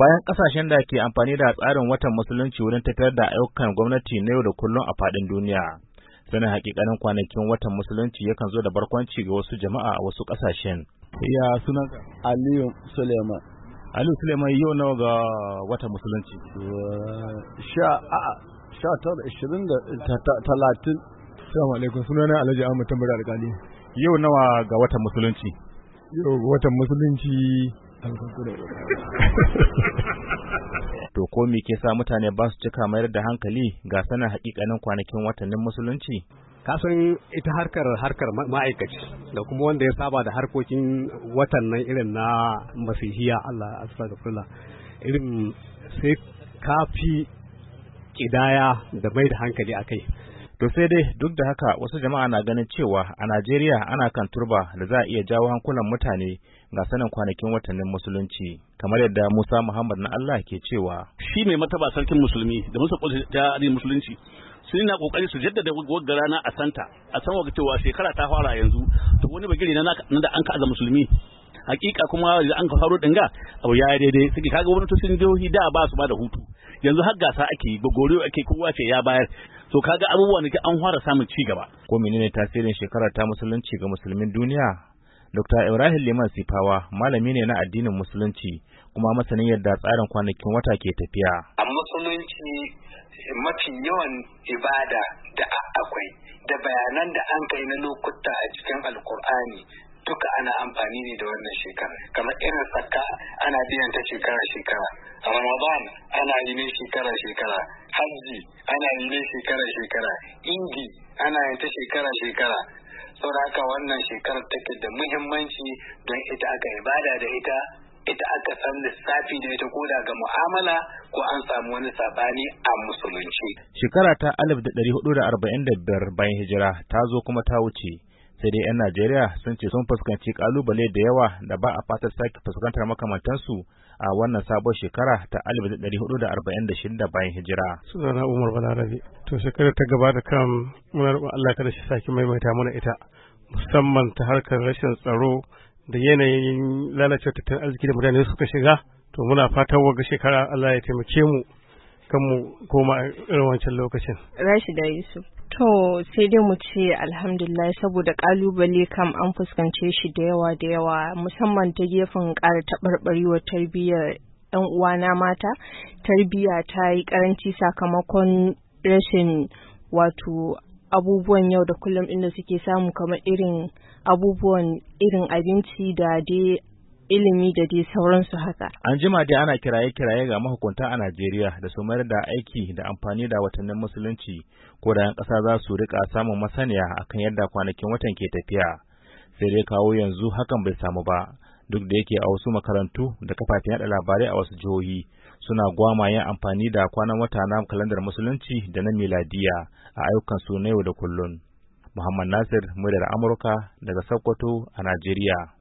bayan kasashen da ke amfani da tsarin watan musulunci wurin tafiyar da ayyukan gwamnati na yau da kullum a faɗin duniya sanin hakikanin kwanakin watan musulunci yakan zo da barkwanci ga wasu jama'a a wasu kasashen ya sunan aliyu suleiman aliyu suleiman yau nawa ga watan musulunci sha a sha tara ishirin da talatin salamu alaikum sunana alhaji ahmad tambari alkali yau nawa ga watan musulunci watan musulunci to ko me ke sa mutane ba su cika mayar da hankali ga sanin hakikanin kwanakin watannin musulunci Ka san ita harkar harkar ma'aikaci da kuma wanda ya saba da harkokin watan nan irin na masihiya Allah astaghfirullah irin sai ka fi kidaya da mai da hankali a kai. To sai dai duk da haka wasu jama'a na ganin cewa a Najeriya ana kan turba da za a iya jawo hankulan mutane ga sanin kwanakin watannin musulunci kamar yadda Musa Muhammad na Allah ke cewa shi mai mataba sarkin musulmi da musa jari musulunci sun na kokari su jaddada wagga rana a santa a san wagga cewa shekara ta fara yanzu to wani bagiri na da an ka musulmi hakika kuma da an faro dinga abu ya daidai suke kaga wani sun jihohi da ba su ba da hutu yanzu har gasa ake yi ake kowa ce ya bayar to kaga abubuwa ne an fara samun ci gaba ko menene tasirin shekarar ta musulunci ga musulmin duniya Dr. Ibrahim Liman Sifawa malami ne na addinin musulunci kuma masanin yadda tsarin kwanakin wata ke tafiya. A musulunci mafi yawan ibada da akwai da bayanan da an kai na lokuta a cikin alkur'ani duka ana amfani ne da wannan shekara kamar irin tsaka ana biyan ta shekara shekara a ramadan ana yi ne shekara shekara hajji ana yin ne shekara-shekara indi ana yin ta shekara-shekara sau da haka wannan shekarar take da muhimmanci don ita aka ibada da ita ita aka san lissafi da ita koda ga mu'amala ko an samu wani sabani a musulunci. Shekara ta biyar bayan hijira ta zo kuma ta wuce. Sai dai 'yan Najeriya sun ce sun fuskanci kalubale da yawa da ba a fatar sake fuskantar makamantansu a wannan sabon shekara ta 1446 bayan hijira. Sunana Umar Balarabe. To shekarar ta gabata kan muna roƙon Allah kada shi sake maimaita mana ita musamman ta harkar rashin tsaro da yanayin lalacewar tattalin arziki da mutane suka shiga. To muna fatan waga shekara Allah ya taimake mu. kan mu koma irin wancan lokacin. da Yusuf. To sai dai mu ce alhamdulillah saboda kalubale kam an fuskance shi da yawa da yawa musamman ta gefen kara taɓarɓarewar tarbiyyar 'yan uwana mata tarbiyya ta yi ƙaranci sakamakon rashin wato abubuwan yau da kullum inda suke samu kamar irin abubuwan irin abinci da dai ilimi da dai sauransu haka. An jima dai ana kiraye-kiraye ga mahukunta a Najeriya da su mayar da aiki da amfani da watannin musulunci ko da 'yan ƙasa za su rika samun masaniya akan yadda kwanakin watan ke tafiya. Sai dai kawo yanzu hakan bai samu ba. Duk da yake a wasu makarantu da kafafen yaɗa labarai a wasu jihohi suna gwama amfani da kwanan wata na kalandar musulunci da na miladiya a ayyukansu na yau da kullum. Muhammad Nasir, muryar Amurka daga Sokoto a Najeriya.